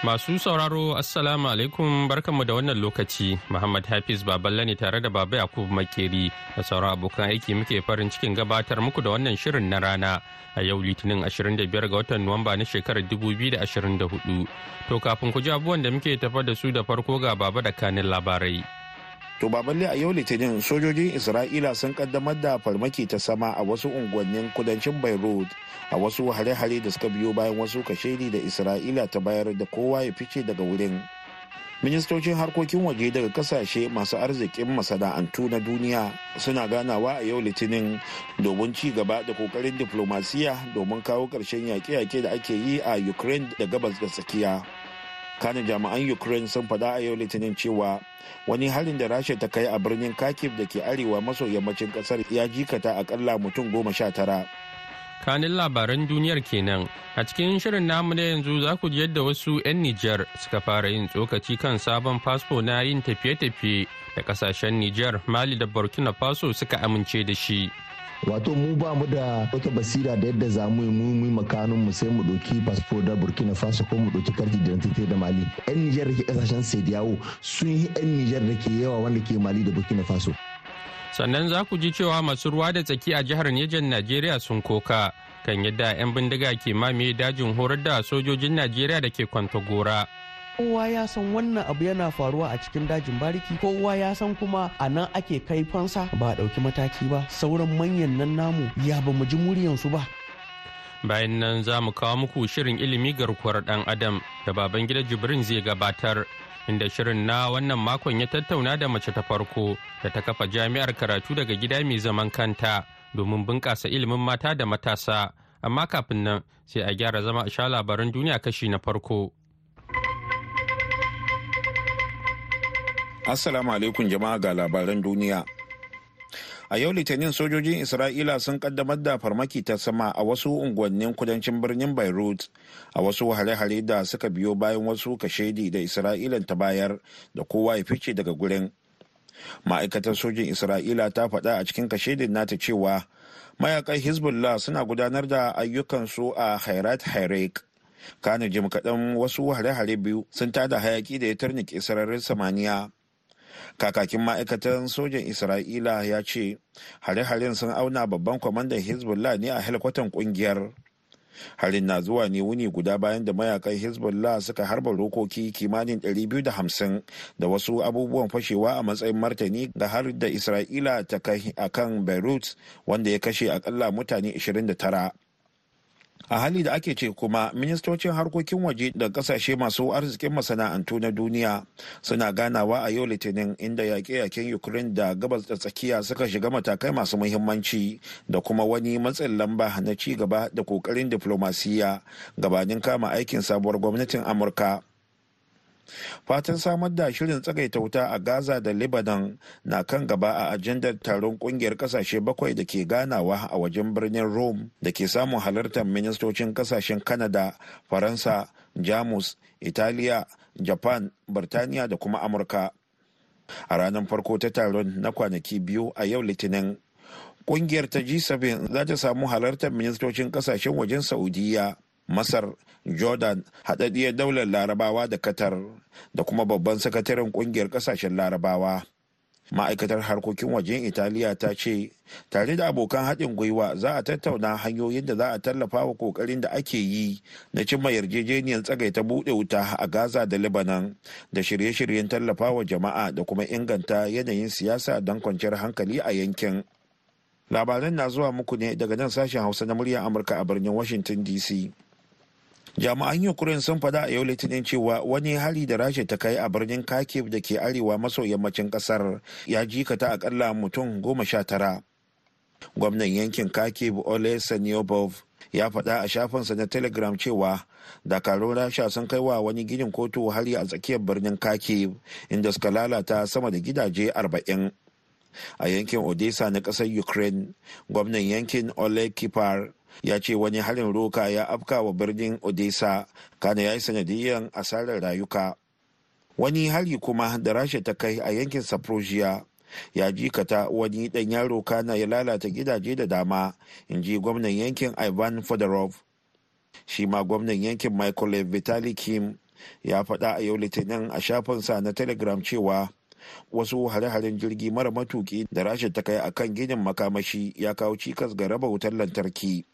Masu sauraro Assalamu alaikum barkanmu da wannan lokaci Muhammad Hafiz Baballe ne tare da Baba Yakub Makeri da sauran abokan aiki muke farin cikin gabatar muku da wannan shirin na rana a yau Litinin 25 ga watan Nuwamba na shekarar 2024. To kafin ku ji abubuwan da muke tafa da su da farko ga Baba da kanin labarai. To ba balle a yau litinin sojojin Isra'ila sun kaddamar da farmaki ta sama a wasu unguwannin kudancin Beirut a wasu hare-hare da suka biyo bayan wasu kashedi da Isra'ila ta bayar da kowa ya fice daga wurin. Ministocin harkokin waje daga kasashe masu arzikin masana'antu na duniya suna ganawa a yau litinin domin ci gaba da kokarin diflomasiya domin kawo ƙarshen yaƙe-yaƙe da ake yi a Ukraine da gabas da tsakiya. kanin jami'an ukraine sun faɗa a yau litinin cewa wani halin da rasha ta kai a birnin kharkiv da ke arewa maso yammacin kasar ya jikata akalla mutum goma sha tara kanin labaran duniyar kenan a cikin shirin namu na yanzu za ku ji yadda wasu 'yan Nijar suka fara yin tsokaci kan sabon fasfo na yin tafiye-tafiye da kasashen Nijar, Mali da Burkina Faso suka amince da shi. wato mu ba mu da wata basira da yadda za mu yi mu yi makanin mu sai mu ɗauki fasfo da burkina faso ko mu ɗauki karti da tete da mali yan nijar da ke kasashen sediyawo sun yi yan nijar da ke yawa wanda ke mali da burkina faso sannan za ku ji cewa masu ruwa da tsaki a jihar Nijar Najeriya sun koka kan yadda 'yan bindiga ke mamaye dajin horar da sojojin Najeriya da ke kwanta kowa ya san wannan abu yana faruwa a cikin dajin bariki kowa ya san kuma a nan ake kai fansa ba a ɗauki mataki ba sauran manyan nan namu ya ba mu ji muryansu ba bayan nan za mu kawo muku shirin ilimi garkuwar ɗan adam da baban gida jibrin zai gabatar inda shirin na wannan makon ya tattauna da mace ta farko da ta kafa jami'ar karatu daga gida mai zaman kanta domin bunƙasa ilimin mata da matasa amma kafin nan sai a gyara zama a sha labaran duniya kashi na farko. Assalamu alaikum jama'a ga labaran duniya. A yau Litinin sojojin Isra'ila sun kaddamar da farmaki ta sama a wasu unguwannin kudancin birnin Beirut a wasu hare-hare da suka biyo bayan wasu kashedi da Isra'ila ta bayar da kowa ya fice daga gurin. Ma'aikatar sojin Isra'ila ta faɗa a cikin kashedin nata cewa mayakan Hezbollah suna gudanar da ayyukansu a Hairat Hairik. Kana jim kaɗan wasu hare-hare biyu sun tada hayaki da ya tarni sararin samaniya. kakakin ma'aikatan sojan isra'ila ya ce hare-haren sun auna babban kwamandan hezbollah ne a helkwatan kungiyar harin na zuwa ne wuni guda bayan da mayakan hezbollah suka harba rokoki kimanin 250 da wasu abubuwan fashewa a matsayin martani ga har da isra'ila ta kai a kan beirut wanda ya kashe akalla mutane 29 a hali da ake ce kuma ministocin harkokin waje da kasashe masu arzikin masana'antu na duniya suna ganawa a yau litinin inda yaƙe-yaƙen ukraine da gabas da tsakiya suka shiga matakai masu muhimmanci da kuma wani matsin lamba na ci gaba da ƙoƙarin diflomasiyya gabanin kama aikin sabuwar gwamnatin amurka fatan samar da shirin tsagaita wuta a gaza da lebanon na kan gaba a ajandar taron kungiyar kasashe bakwai da ke ganawa a wajen birnin rome da ke samun halartar ministocin kasashen kanada faransa jamus italiya japan birtaniya da kuma amurka a ranar farko ta taron na kwanaki biyu a yau litinin kungiyar ta g7 za ta samu halartar ministocin kasashen wajen saudiya masar jordan haɗaɗɗiyar daular larabawa da qatar da kuma babban sakataren kungiyar kasashen larabawa ma'aikatar harkokin wajen italiya ta ce tare da abokan haɗin gwiwa za a tattauna hanyoyin da za a tallafa wa ƙoƙarin da ake yi na cimma yarjejeniyar tsagaita buɗe wuta a gaza da lebanon da shirye-shiryen tallafa wa jama'a da kuma inganta yanayin siyasa don kwanciyar hankali a yankin labaran na zuwa muku ne daga nan sashen hausa na murya amurka a birnin washington dc jami'an ukraine sun faɗa a yau litinin cewa wani hari da rasha ta kai a birnin kharkiv da ke arewa maso yammacin kasar ya jikata akalla mutum goma sha tara gwamnan yankin kharkiv ole sanyobov ya faɗa a shafinsa na telegram cewa dakarun rasha sun kai wa wani ginin kotu hari a tsakiyar birnin kharkiv inda suka lalata sama da gidaje arba'in a yankin odessa na ƙasar ukraine gwamnan yankin ole kipar ya ce wani harin roka ya afka wa birnin odessa kana ya yi sanadiyyar asarar rayuka wani hari kuma da rasha ta kai a yankin saprosia ya jikata wani dan yaro kana ya lalata gidaje da dama in ji gwamnan yankin ivan fodorov shi ma gwamnan yankin michael vitali kim ya faɗa a yau litinin a shafinsa na telegram cewa wasu hare-haren jirgi mara matuki da rashin ta kai a kan ginin makamashi ya kawo cikas ga raba wutar lantarki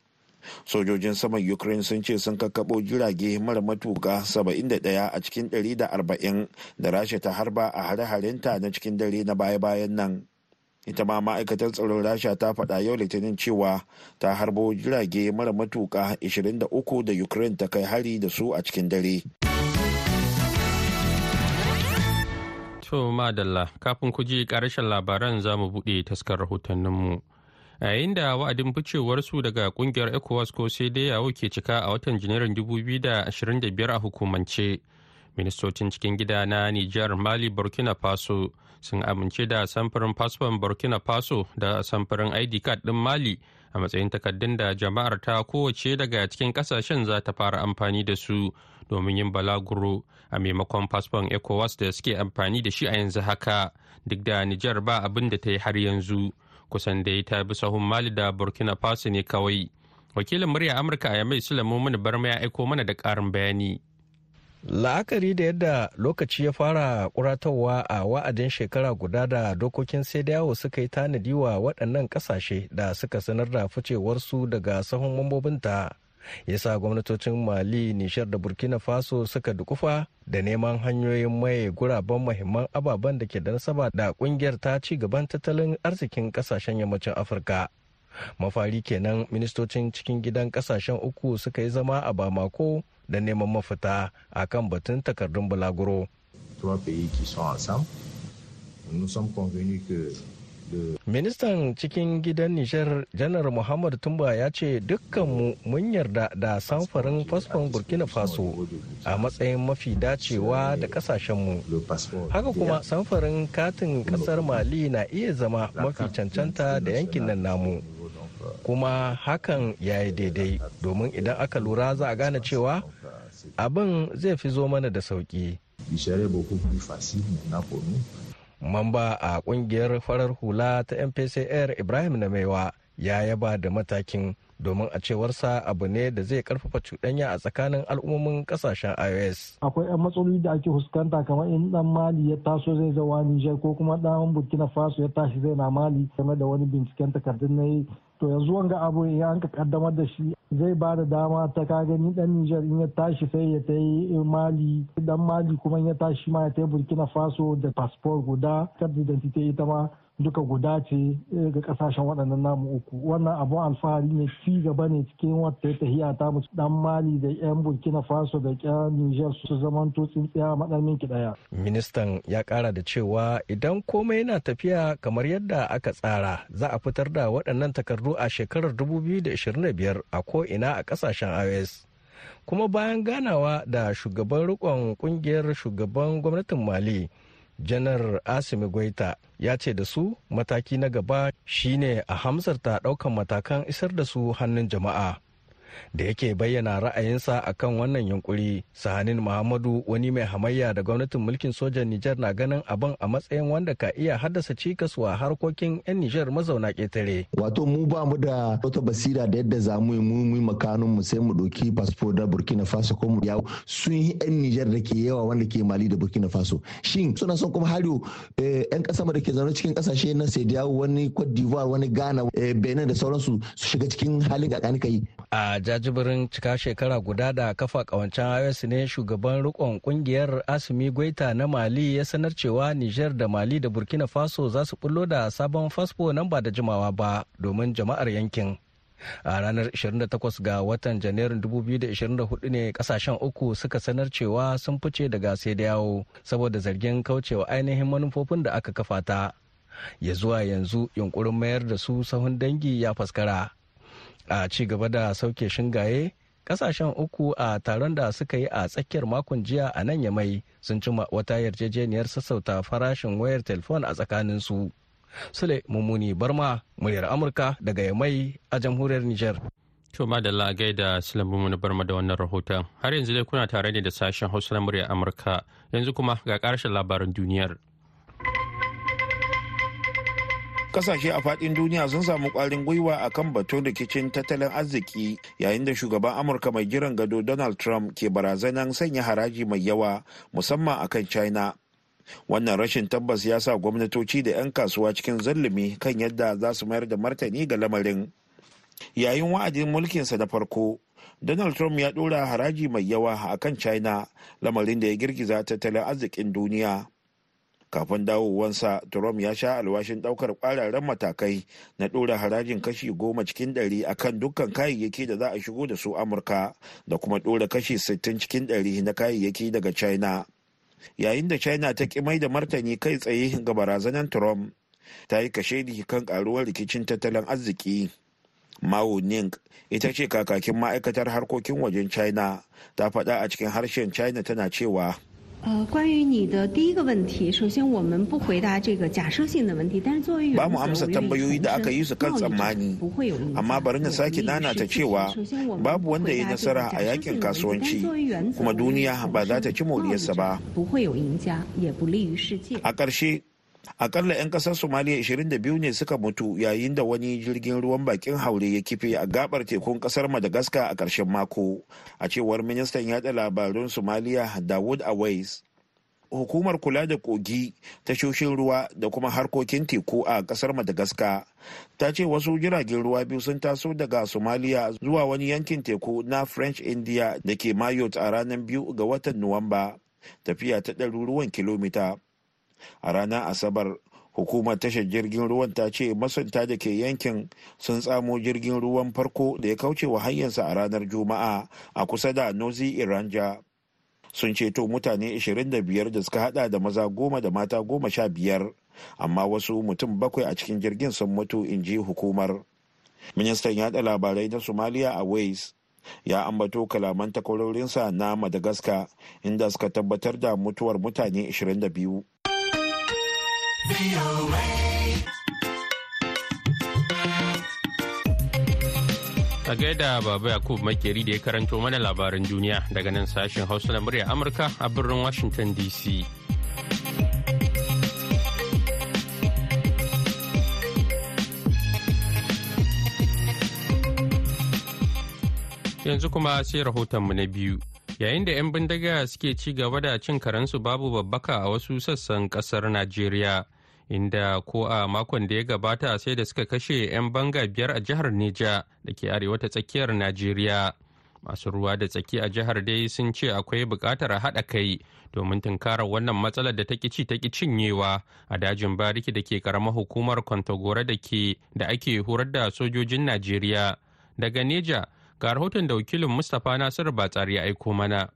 sojojin saman ukraine sun ce sun kakkaɓo jirage mara matuka 71 a cikin 140 da rasha ta harba a hare-harenta na cikin dare na baya-bayan nan ita ma ma'aikatar tsaron rasha ta faɗa yau litinin cewa ta harbo jirage mara matuka 23 da ukraine ta kai hari da su a cikin dare to madalla kafin ku ji ƙarshen labaran za mu buɗe taskar rahotanninmu. mu a yayin da wa'adin ficewarsu daga kungiyar ecowas ko sai dai yawo ke cika a watan janairun biyar a hukumance ministocin cikin gida na nijar mali burkina faso sun amince da samfurin fasfon burkina faso da samfurin id card din mali a matsayin takaddun da jama'ar ta kowace daga cikin kasashen za ta fara amfani da su domin yin balaguro a maimakon fasfon ecowas da suke amfani da shi a yanzu haka duk da nijar ba abin da ta yi har yanzu. kusan da ta bi sahun mali da burkina faso ne kawai wakilin murya amurka a yamai sulaimu mini barma ya aiko mana da karin bayani la'akari da yadda lokaci ya fara kuratarwa a wa'adin shekara guda da dokokin sai da yawo suka yi tanadi wa waɗannan ƙasashe da suka sanar da ficewarsu daga sahun mambobinta ya sa gwamnatocin mali nishar da burkina faso suka dukufa da neman hanyoyin maye guraben mahimman ababen da ke da nasaba da kungiyar ta ci gaban tattalin arzikin kasashen yammacin afirka mafari kenan ministocin cikin gidan kasashen uku suka yi zama a bamako da neman mafita a kan batun takardun bulaguro. Ministan cikin gidan Nijar Janar Muhammad Tumba ya ce dukkanmu mun yarda da samfarin fasfon Burkina Faso a matsayin mafi dacewa da kasashenmu. Haka kuma samfarin katin kasar Mali na iya zama mafi cancanta da yankin nan namu. Kuma hakan ya yi daidai domin idan aka lura za a gane cewa abin zai fi zo mana da sauki. mamba a kungiyar farar hula ta mpcr ibrahim na maiwa ya yaba da matakin domin a cewarsa abu ne da zai karfafa cuɗanya a tsakanin al'ummomin kasashen ios akwai 'yan matsaloli da ake fuskanta kamar in dan mali ya taso zai zawa nijar ko kuma dan burkina faso ya tashi zai na mali game da wani binciken takardun na to yanzu wanga abu ya an kaddamar da shi zai ba da dama ta ka gani dan Nijar in ya tashi sai ya tai Mali dan Mali kuma in ya tashi ma ya tai Burkina Faso da passport guda card identity ita ma duka guda ce eh, ga kasashen waɗannan namu uku wannan abun alfahari ne ci gaba ne cikin wata tahiya ta mu dan mali da yan burkina faso da kyan niger su zamanto tsintsiya maɗan ki ɗaya. ministan ya kara da cewa idan komai yana tafiya kamar yadda aka tsara za a fitar da waɗannan takardu a shekarar 2025 a ko ina a kasashen ios kuma bayan ganawa da shugaban rikon kungiyar shugaban gwamnatin mali janar asimi gwaita ya ce da su mataki na gaba shine a hamsarta ɗaukan matakan isar da su hannun jama'a da yake bayyana ra'ayinsa a kan wannan yunkuri sahanin muhammadu wani mai hamayya da gwamnatin mulkin sojan nijar na ganin abin a matsayin wanda ka iya haddasa cikas wa harkokin 'yan nijar mazauna ƙetare wato mu ba mu da wata basira da yadda za mu yi mu makanun mu sai mu ɗauki fasfo da burkina faso ko mu yawo sun yi 'yan nijar da ke yawa wanda ke mali da burkina faso shin suna son kuma hari eh, 'yan ƙasa da ke zaune cikin ƙasashe na sai wani cote wani gana eh, benin da sauransu su shiga cikin halin ƙaƙani kai a jajibirin cika shekara guda da kafa kawancen ios ne shugaban rikon kungiyar asimi gwaita na mali ya sanar cewa niger da mali da burkina faso za su bullo da sabon fasfo nan ba da jimawa ba domin jama'ar yankin a ranar 28 ga watan janairun 2024 ne kasashen uku suka sanar cewa sun fice daga sai da yawo saboda zargin kaucewa ainihin manufofin da aka kafa ta ya zuwa yanzu yunkurin mayar da su sahun dangi ya faskara a ci gaba da sauke shingaye kasashen uku a taron da suka yi a tsakiyar makon jiya a nan yamai sun cima wata yarjejeniyar sassauta farashin wayar telefon a tsakaninsu sule mummuni barma muryar amurka daga yamai a jamhuriyar niger to madalla gaida sule mummuni barma da wannan rahoton har yanzu dai kuna tare ne da sashen hausa na muryar amurka yanzu kuma ga karshen labarin duniyar kasashe a fadin duniya sun samu kwarin gwiwa a kan batun rikicin tattalin arziki yayin da shugaban amurka mai jiran gado donald trump ke barazanan sanya haraji mai yawa musamman akan china wannan rashin tabbas ya sa gwamnatoci da 'yan kasuwa cikin zallumi kan yadda za su mayar da martani ga lamarin yayin wa'adin mulkinsa na farko donald trump ya dora haraji mai yawa akan china lamarin da ya girgiza tattalin arzikin duniya kafin dawowansa trump ya sha alwashin daukar kwararren matakai na ɗora harajin kashi goma cikin ɗari akan dukkan kayayyaki da za a shigo da su amurka da kuma ɗora kashi sittin cikin ɗari na kayayyaki daga china yayin da china ta ki mai da martani kai tsaye ga barazanar trump ta yi kashe kashedi kan karuwar rikicin tattalin arziki mao ning ita ce kakakin ma'aikatar harkokin wajen china ta faɗa a cikin harshen china tana cewa ba mu amsa tambayoyi da aka yi su kan tsammani, amma bari na sake nanata cewa babu wanda ya nasara a yakin kasuwanci, kuma duniya ba za ta ci moriyarsa ba. A ƙarshe, akalla 'yan kasar somaliya 22 ne suka mutu yayin da wani jirgin ruwan bakin haure ya kife a gabar tekun kasar madagascar a ƙarshen mako a cewar ministan yada labarun somaliya dawood awais hukumar kula da kogi tashoshin ruwa da kuma harkokin teku a kasar madagascar ta ce wasu jiragen ruwa biyu sun taso daga somaliya zuwa wani yankin teku na french india da ke mayot a ranar biyu ga watan nuwamba tafiya ta ɗaruruwan kilomita a ranar asabar hukumar tashar jirgin ruwan ta ce masunta da ke yankin sun tsamo jirgin ruwan farko da ya kauce wa hanyarsa a ranar juma'a a kusa da nozi iranja sun ceto mutane 25 da suka hada da maza goma da mata goma sha biyar amma wasu mutum bakwai a cikin jirgin sun mutu in ji hukumar ministan yada labarai na somaliya a wales ya ambato kalaman takwarorinsa na madagascar inda suka tabbatar da mutuwar mutane 22 A gaida Baba Yakub Makeri da ya karanto mana labaran duniya daga nan sashen Hausa na murya Amurka a birnin Washington DC. Yanzu kuma sai rahotonmu na biyu. Yayin da 'yan bindiga suke ci gaba da cin karensu babu babbaka a wasu sassan ƙasar Najeriya. inda ko a makon da ya gabata sai da suka kashe 'yan banga biyar a jihar Neja da ke arewa ta tsakiyar Najeriya. Masu ruwa da tsaki a jihar dai sun ce akwai buƙatar haɗa kai domin tunkarar wannan matsalar da ta ci ta cinyewa a dajin bariki da ke karamar hukumar Kwantagora da ke da ake horar da sojojin Najeriya. Daga Neja, ga rahoton da wakilin Mustapha Nasiru Batsari ya aiko mana.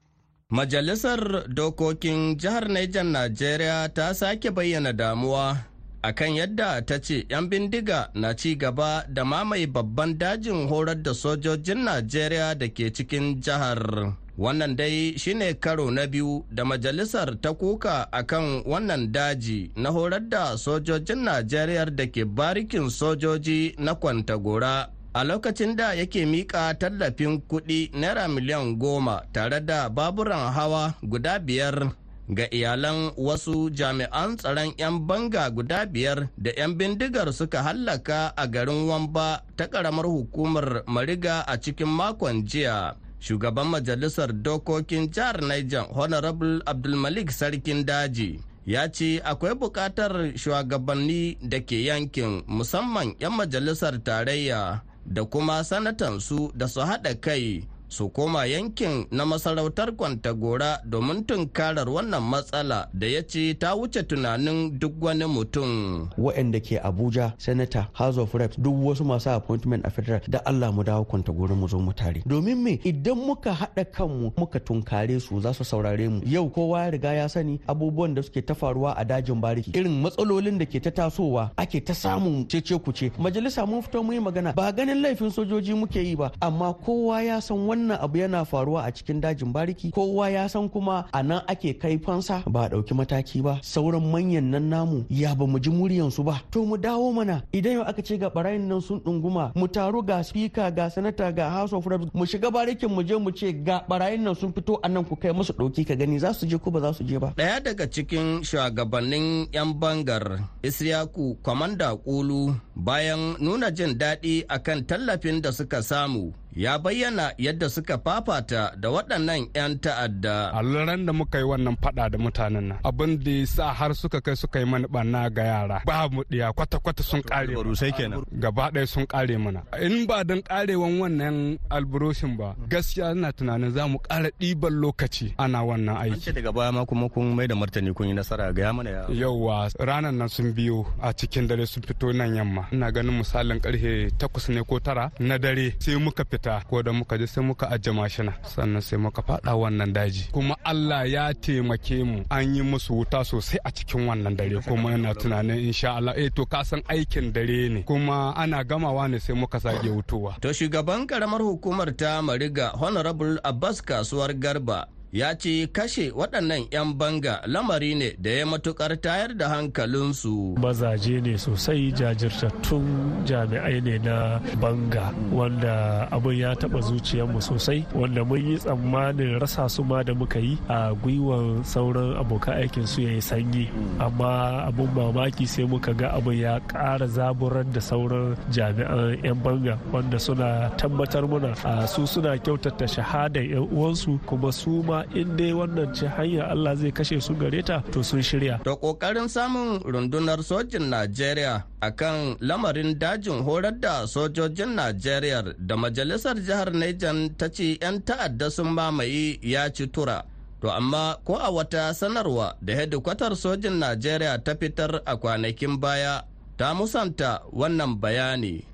Majalisar Dokokin Jihar Niger Najeriya ta sake bayyana damuwa akan yadda ta ce 'yan bindiga na ci gaba da mamaye babban dajin horar da sojojin Najeriya da ke cikin jihar. Wannan dai shine karo na biyu da majalisar ta kuka akan wannan daji na horar da sojojin Najeriya da ke barikin sojoji na Kwantagora. a lokacin da yake miƙa tallafin kuɗi naira miliyan goma tare da baburan hawa guda biyar ga iyalan wasu jami'an tsaron 'yan banga guda biyar da 'yan bindigar suka hallaka a garin wamba ta ƙaramar hukumar mariga a cikin makon jiya shugaban majalisar dokokin jihar niger honorable abdulmalik sarkin daji ya ce akwai buƙatar shugabanni da ke yankin musamman 'yan majalisar tarayya da kuma sanatansu da su haɗa kai su koma yankin na masarautar kwantagora domin tunkarar wannan matsala da ya ce ta wuce tunanin duk wani mutum. Waɗanda ke Abuja, Senator, House of Reps, duk wasu masu appointment a federal da Allah mu dawo kwantagora mu zo mu tare. Domin me idan muka haɗa kanmu muka tunkare su za su saurare mu. Yau kowa ya riga ya sani abubuwan da suke ta faruwa a dajin bariki. Irin matsalolin da ke ta tasowa ake ta samun cece kuce. Majalisa mun fito mu yi magana ba ganin laifin sojoji muke yi ba amma kowa ya san wani wannan abu yana faruwa a cikin dajin bariki kowa ya san kuma a nan ake kai fansa ba a ɗauki mataki ba sauran manyan nan namu ya ba mu ji muryansu ba to mu dawo mana idan yau aka ce ga barayin nan sun ɗunguma mu taru ga spika ga sanata ga house of reps mu shiga barikin mu je mu ce ga barayin nan sun fito a nan ku kai musu ɗauki ka gani za su je ko ba za su je ba. Ɗaya daga cikin shugabannin 'yan bangar Isriyaku Kwamanda Kulu bayan nuna jin daɗi akan tallafin da suka samu ya bayyana yadda suka fafata da waɗannan 'yan ta'adda. Allaran da muka yi wannan fada da mutanen nan abin da ya sa har suka kai suka yi mani banna ga yara ba mu ɗiya kwata-kwata sun kare kenan gaba ɗaya sun kare mana in ba don karewan wannan alburusin ba gaskiya ina tunanin za mu ƙara ɗiban lokaci ana wannan aiki. An ce daga baya ma kuma kun mai da martani kun yi nasara ga ya mana ya. Yawwa ranar nan sun biyo a cikin dare sun fito nan yamma ina ganin misalin karfe takwas ne ko tara na dare sai muka fita ko da muka je sai muka ajiye mashina sannan sai muka faɗa wannan daji kuma Allah ya taimake mu an yi musu wuta sosai a cikin wannan dare kuma ina tunanin insha Allah eh to ka san aikin dare ne kuma ana gamawa ne sai muka sake wutowa to shugaban karamar hukumar ta Mariga Honorable Abbas Kasuwar Garba ya ce kashe waɗannan 'yan banga lamari ne da ya matukar tayar da hankalinsu. Mazaje ne sosai jajirtattun jami'ai ne na banga wanda abin ya taɓa zuciyarmu sosai wanda mun yi tsammanin rasa su ma da muka yi a gwiwan sauran abokan aikin su ya yi sanyi amma abin mamaki sai muka ga abin ya ƙara zaburar da sauran jami'an 'yan banga wanda suna tabbatar muna su suna kyautata shahadar 'yan uwansu kuma su ma in dai wannan ce hanya Allah zai kashe su gare ta to sun shirya. Da kokarin samun rundunar sojin Najeriya kan lamarin dajin horar da sojojin Najeriya da majalisar jihar Niger ta ce 'yan ta'adda sun mamaye ya ci tura. To amma ko a wata sanarwa da hedikwatar sojin Najeriya ta fitar a kwanakin baya ta musanta wannan bayani.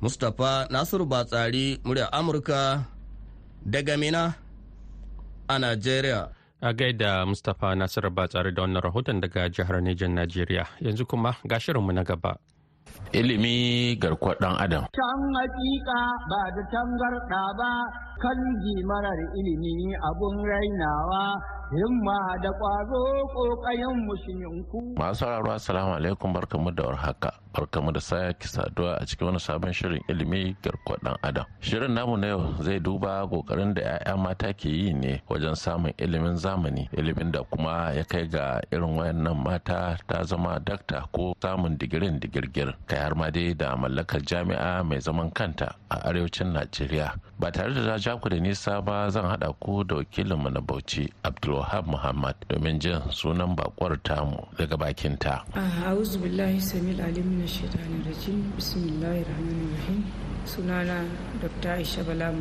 Mustapha Nasiru Batsari, murya Amurka, daga Mina a Najeriya. A gaida Mustapha Nasiru ba tsare da wannan rahoton daga jihar Nijar Najeriya. Yanzu kuma ga shirinmu na gaba. ilimi garkuwar dan adam. Can hakika ba da tangarɗa ba kan marar ilimi abun rainawa himma da ƙwazo ƙoƙayen musulminku. Masu rarwa salamu alaikum barkamu da warhaka barkamu da sake saduwa a cikin wani sabon shirin ilimi garkuwar dan adam. Shirin namu na yau zai duba ƙoƙarin da 'ya'ya mata ke yi ne wajen samun ilimin zamani ilimin da kuma ya kai ga irin wayannan mata ta zama dakta ko samun digirin digirgir kai har ma dai da mallakar jami'a mai zaman kanta a arewacin najeriya ba tare da ja ku da nisa ba zan hada ku da wakilinmu na bauchi abdulwahab muhammad domin jin sunan bakwar tamu daga bakinta a'udhu sunana dr aisha bala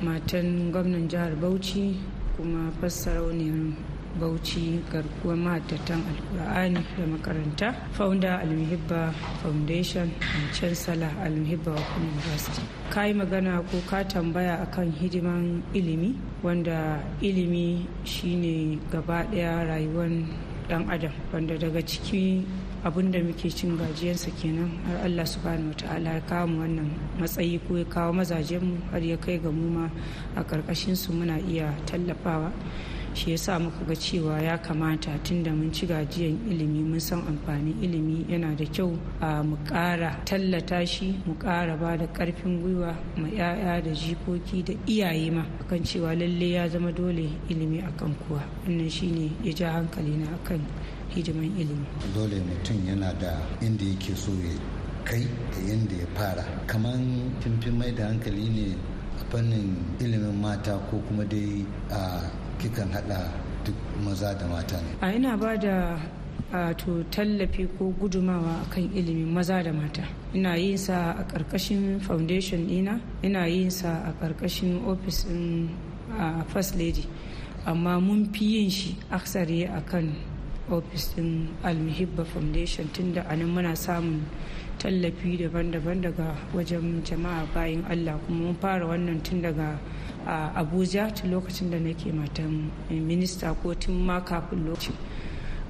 matan gwamnan jihar bauchi kuma fassarauniyar bauchi garkuwar al alkur'ani da makaranta founder Muhibba foundation and chancellor almuhibba Muhibba university ka yi magana ko ka tambaya akan hidiman ilimi wanda ilimi shine gaba daya rayuwar dan adam wanda daga ciki abin da muke cin gajiyarsa kenan har allah subhanahu wataala ya kawo wannan matsayi ko ya kawo mazajenmu har ya kai ga mu ma a ƙarƙashinsu muna iya tallafawa shi sa muka ga cewa ya kamata tunda da mun ci gajiyan ilimi mun san amfanin ilimi yana da kyau a mu ƙara tallata shi mu ƙara ba da ƙarfin gwiwa ma 'ya'ya da jikoki da iyaye ma akan cewa lalle ya zama dole ilimi akan kuwa wannan shine ya ja hankali na akan hidiman ilimi dole mutum yana da inda yake so ya kai da inda ya fara kamar kimfin mai da hankali ne a fannin ilimin mata ko kuma dai a kikan hada duk maza da mata ne a ina ba da to tallafi ko gudumawa akan ilimin maza da mata ina yin sa a ƙarƙashin foundation dina ina yin sa a ƙarƙashin ofis ɗin first lady amma mun fi yin shi aksare a kan ofis ɗin almuhibba foundation tunda a nan muna samun tallafi daban-daban daga wajen jama'a bayan allah kuma mun fara wannan tun daga a abuja tun lokacin da nake matan eh, minista ko tun ma kafin lokaci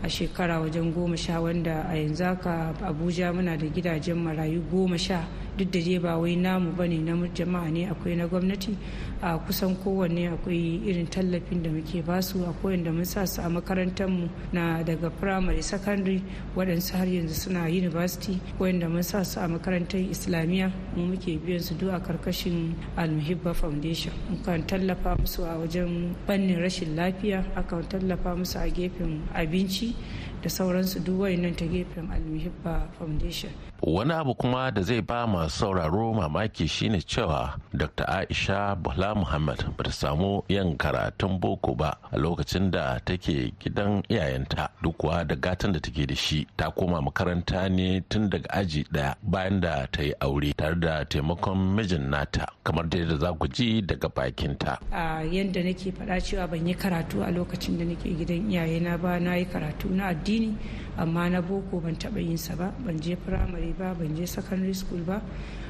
a shekara wajen goma sha wanda a yanzu haka abuja muna da gidajen marayu goma sha duk da ba wai namu ba ne na jama'a ne akwai na gwamnati a kusan kowanne akwai irin tallafin da muke basu akwai da mun sa su a makarantar mu na daga primary secondary waɗansu har yanzu suna university da mun sa su a makarantar islamiyya mu muke biyan su duk a karkashin almuhibba foundation kan tallafa musu a wajen bannin rashin lafiya akan tallafa musu a gefen abinci da sauransu duk wayannan ta gefen almuhibba foundation wani abu kuma da zai ba masu sauraro mamaki shine cewa dr aisha bala muhammad ba ta samu yan karatun boko ba a lokacin da take gidan iyayenta duk da gatan da take da shi ta koma makaranta ne tun daga aji daya bayan da ta yi aure tare da taimakon mijin nata kamar dai da za ku ji daga bakinta a yadda nake faɗa cewa ban yi karatu a lokacin da nake gidan iyayena ba na yi karatu na addini amma na boko ban taɓa yinsa ba ban je firamare firamare ba ban je secondary school ba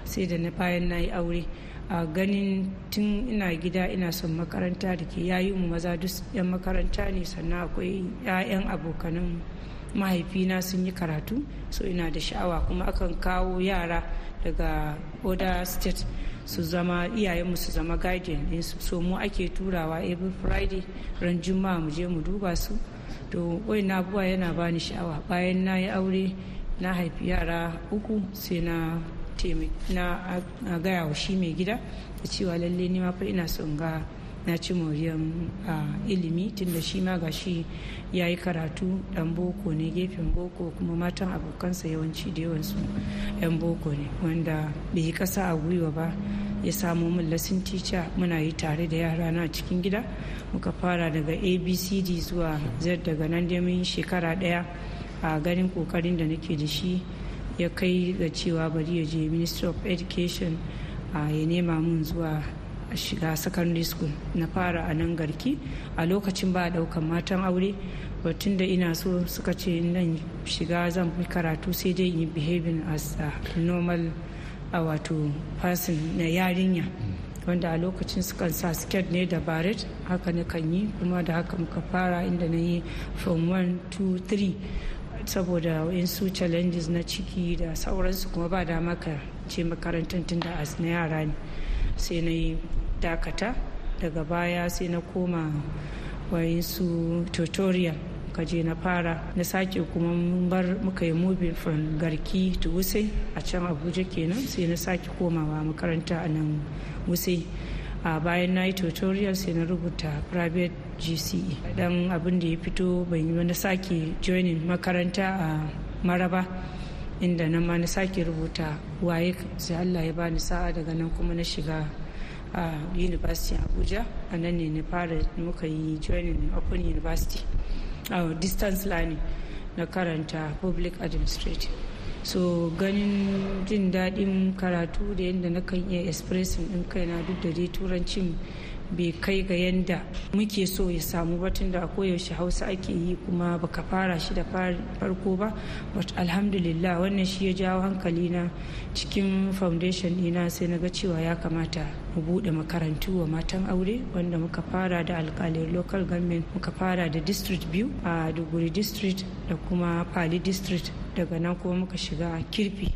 sai da na bayan na yi aure a ganin tun ina gida ina son makaranta da ke yayi mu maza duk 'yan makaranta ne sannan akwai 'ya'yan abokanan mahaifina sun yi karatu so ina da sha'awa kuma akan kawo yara daga oda state su zama iyayenmu su zama guardian ɗinsu so mu ake turawa every friday ran juma'a mu je mu duba su to wai na buwa yana bani sha'awa bayan na yi aure na haifi yara uku sai na na gaya wa shi mai gida da cewa lalle ni ma fa ina son ga na ci moriyan ilimi tunda shi ma ga shi ya yi karatu dan boko ne gefen boko kuma matan abokansa yawanci da yawansu yan boko ne wanda bai yi kasa a gwiwa ba ya samo min lasin tica muna yi tare da yara na cikin gida muka fara daga abcd zuwa z daga nan da mun shekara daya a ganin kokarin da nake da shi ya kai ga cewa bari ya je ministry of education ya nema mun zuwa a shiga secondary school na fara a nan garki a lokacin ba daukan matan aure batun da ina so suka ce nan shiga zan fi karatu sai dai yi behaving as a normal a wato person na yarinya wanda a lokacin sukan sa skirt ne da baret haka na kan yi kuma da haka muka fara inda na yi from 1 to 3 saboda su challenges na ciki da sauransu kuma ba dama ka ce makarantar tun da as na yara ne sai na yi dakata daga baya sai na koma su tutorial kaje na fara na sake kuma bar muka yi moving from garki to wuse a can abuja kenan sai na sake komawa makaranta a nan wuse a bayan na yi tutorial sai na rubuta private gce dan abin da ya fito ban yi na sake joining makaranta a maraba inda nan ma na sake rubuta waye sai allah ya bani sa'a daga nan kuma na shiga a university abuja a nan ne na fara muka yi joining open university distance learning na karanta public administrative so ganin jin daɗin karatu da yadda na kan iya expressing ɗin kaina duk da dai turancin bai kai ga yanda muke so ya samu ba da koyaushe hausa ake yi kuma baka fara shi da farko ba but alhamdulillah wannan shi ya jawo hankali na cikin foundation dina sai na ga cewa ya kamata mu bude makarantu wa matan aure wanda muka fara da alkalin local government muka fara da district biyu a duguri district da kuma pali district daga nan kuma muka shiga kirfi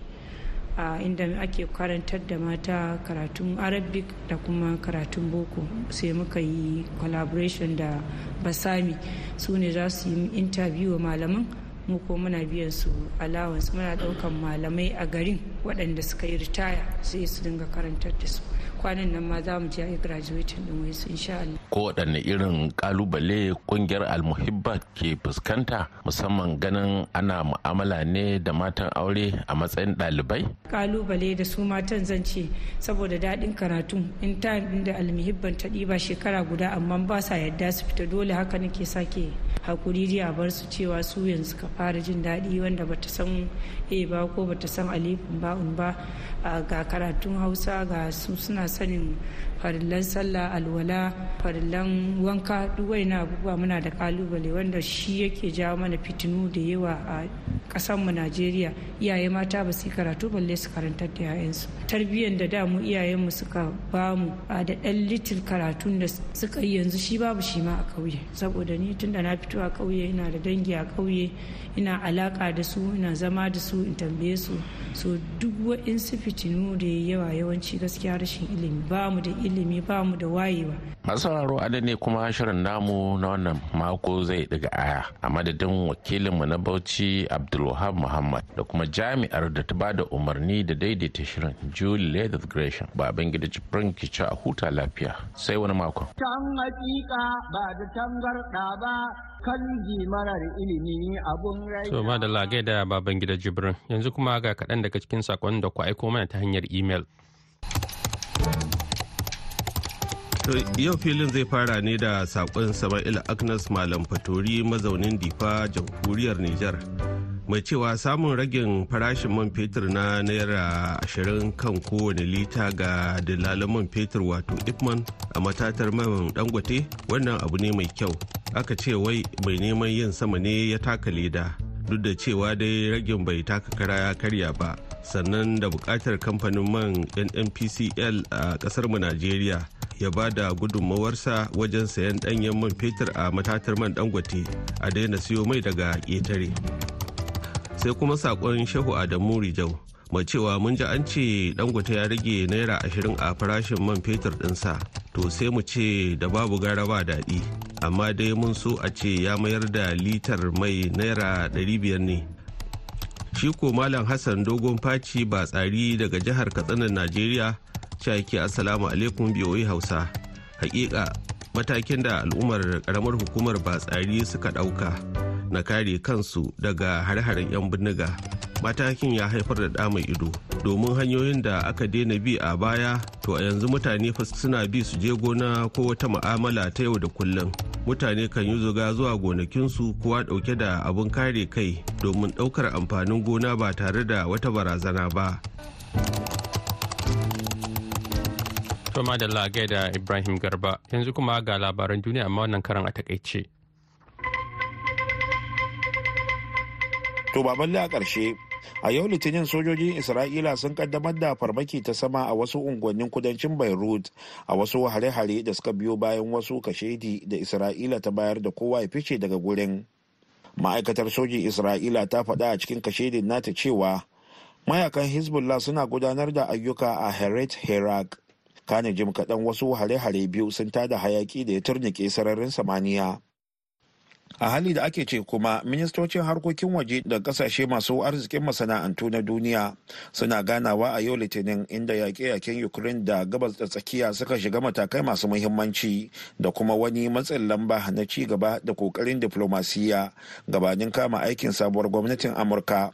a inda ake karantar da mata karatun arabic da kuma karatun boko sai muka yi collaboration da basami su ne za su yi interview wa malaman mu ko muna biyan su allowance muna daukan malamai a garin waɗanda suka yi ritaya sai su dinga karantar da su kwanan nan ma za mu je a graduating din wai sun sha Allah. waɗanne irin kalubale ƙungiyar almuhibba ke fuskanta musamman ganin ana mu'amala ne da matan aure a matsayin ɗalibai? Kalubale da su matan zan ce saboda daɗin karatu in ta da almuhibban ta ɗiba shekara guda amma ba sa yadda su fita dole haka nake sake hakuri a bar su cewa su yanzu ka fara jin daɗi wanda bata san eba ba ko bata san alifin ba'un ba ga karatun hausa ga su suna sanin farillan sallah alwala farillan wanka duwai na abubuwa muna da kalubale wanda shi yake jawo mana fitinu da yawa a kasanmu najeriya iyaye mata ba su karatu balle su karantar da 'ya'yansu tarbiyyar da damu mu suka ba mu a da ɗan litil karatun da suka yi yanzu shi babu shi ma a kauye saboda ni tunda na fito a ƙauye ina da dangi a ƙauye ina alaka da su ina zama da su in tambaye su so duk su fitinu da yawa yawanci gaskiya rashin ilimi ilimi ba mu da ilimi ba mu da wayewa masu sauraro ne kuma shirin namu na wannan mako zai daga aya a madadin wakilinmu na bauchi abdulwahab muhammad da kuma jami'ar da ta bada umarni da daidaita shirin julie leather gresham baban gida jibrin kicci a huta lafiya sai wani makon can hakika ba da tangarda ba kan marar ilimi abun rai to madalla gaida baban gida jibrin yanzu kuma ga kaɗan daga cikin sakon da ku aiko mana ta hanyar imel. To yau filin zai fara ne da sakon Sama'il Agnes Malam Fatori mazaunin Difa jamhuriyar Nijar. Mai cewa samun ragin farashin man fetur na naira ashirin kan kowane lita ga dalalan man fetur wato Ipman a matatar man dangote wannan abu ne mai kyau. Aka ce wai mai neman yin sama ne ya taka leda. duk da cewa dai ragin bai taka kara ya karya ba sannan da bukatar kamfanin man nnpcl a kasar mu najeriya ya ba da gudunmawarsa wajen sayan ɗanyen man fetur a matatar man dangote a daina siyo mai daga ƙetare sai kuma saƙon shehu adamu rijau mai cewa mun ji an ce dangote ya rage naira ashirin a farashin man fetur ɗinsa to sai mu ce da babu gara ba daɗi amma dai mun so a ce ya mayar da litar mai naira ɗari biyar ne shi ko malam hassan dogon faci ba tsari daga jihar katsina najeriya yake assalamu alaikum biyoyi hausa hakika matakin da al'ummar karamar hukumar ba batsari suka ɗauka na kare kansu daga hare-haren 'yan bindiga matakin ya haifar da ɗa ido domin hanyoyin da aka daina bi a baya to a yanzu mutane suna bi su je gona ko wata ma'amala ta yau da kullum mutane kan yi zuga zuwa gonakinsu kowa ɗauke da abin kare kai domin ɗaukar amfanin gona ba tare da wata barazana ba To madalla gaida Ibrahim Garba yanzu kuma ga labaran duniya amma wannan karan a takaice. To baballe a ƙarshe a yau litinin sojojin isra'ila sun kaddamar da farmaki ta sama a wasu unguwannin kudancin beirut a wasu hare-hare da suka biyo bayan wasu kashedi da isra'ila ta bayar da kowa ya fice daga gurin ma'aikatar sojin isra'ila ta faɗa a cikin kashedin nata cewa mayakan hezbollah suna gudanar da ayyuka a heret herak kane jim kaɗan wasu hare-hare biyu sun tada hayaki da ya turnike sararin samaniya a hali da ake ce kuma ministocin harkokin waje da kasashe masu arzikin masana'antu na duniya suna ganawa a yau litinin inda yaƙe-yaƙen ukraine da gabas da tsakiya suka shiga matakai masu muhimmanci da kuma wani matsin lamba na ci gaba da ƙoƙarin diflomasiyya gabanin kama aikin sabuwar gwamnatin amurka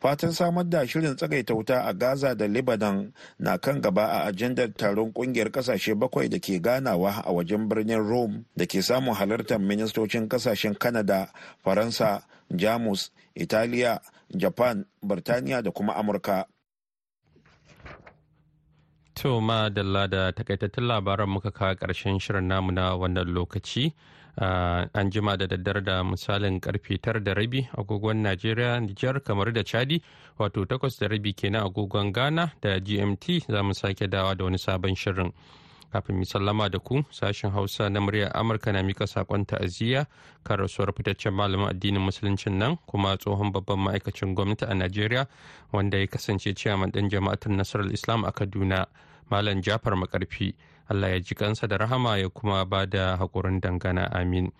fatan samar da shirin tsagaita wuta a gaza da lebanon na kan gaba a ajandar taron kungiyar kasashe bakwai da ke ganawa a wajen birnin rome da ke samun halartar ministocin kasashen kanada faransa jamus italiya japan birtaniya da kuma amurka To ma da takaitattun labaran muka kawo ƙarshen shirin namu na wannan lokaci an jima da daddare da misalin karfe tara da rabi agogon najeriya nijar kamar da chadi wato takwas da rabi kenan agogon ghana da gmt za mu sake dawa da wani sabon shirin kafin sallama da ku sashen hausa na muryar amurka na mika sakon ta'aziyya kan rasuwar fitaccen malamin addinin musuluncin nan kuma tsohon babban ma'aikacin gwamnati a najeriya wanda ya kasance ciyaman ɗan jama'atar nasarar islam a kaduna malam jafar makarfi Allah ya ji kansa da rahama ya kuma ba da haƙurin dangana amin.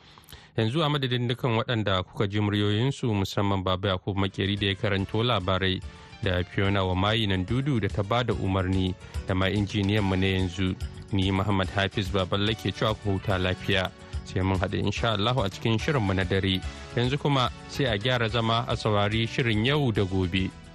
Yanzu a madadin dukan waɗanda kuka ji muryoyinsu musamman Baba Yakubu Makeri da ya karanto labarai da Fiona wa mayi nan dudu da ta ba da umarni da ma injiniyan mu na yanzu ni Muhammad Hafiz Baballe ke cewa ku huta lafiya. Sai mun haɗu insha Allahu a cikin shirin mu na dare. Yanzu kuma sai a gyara zama a saurari shirin yau da gobe.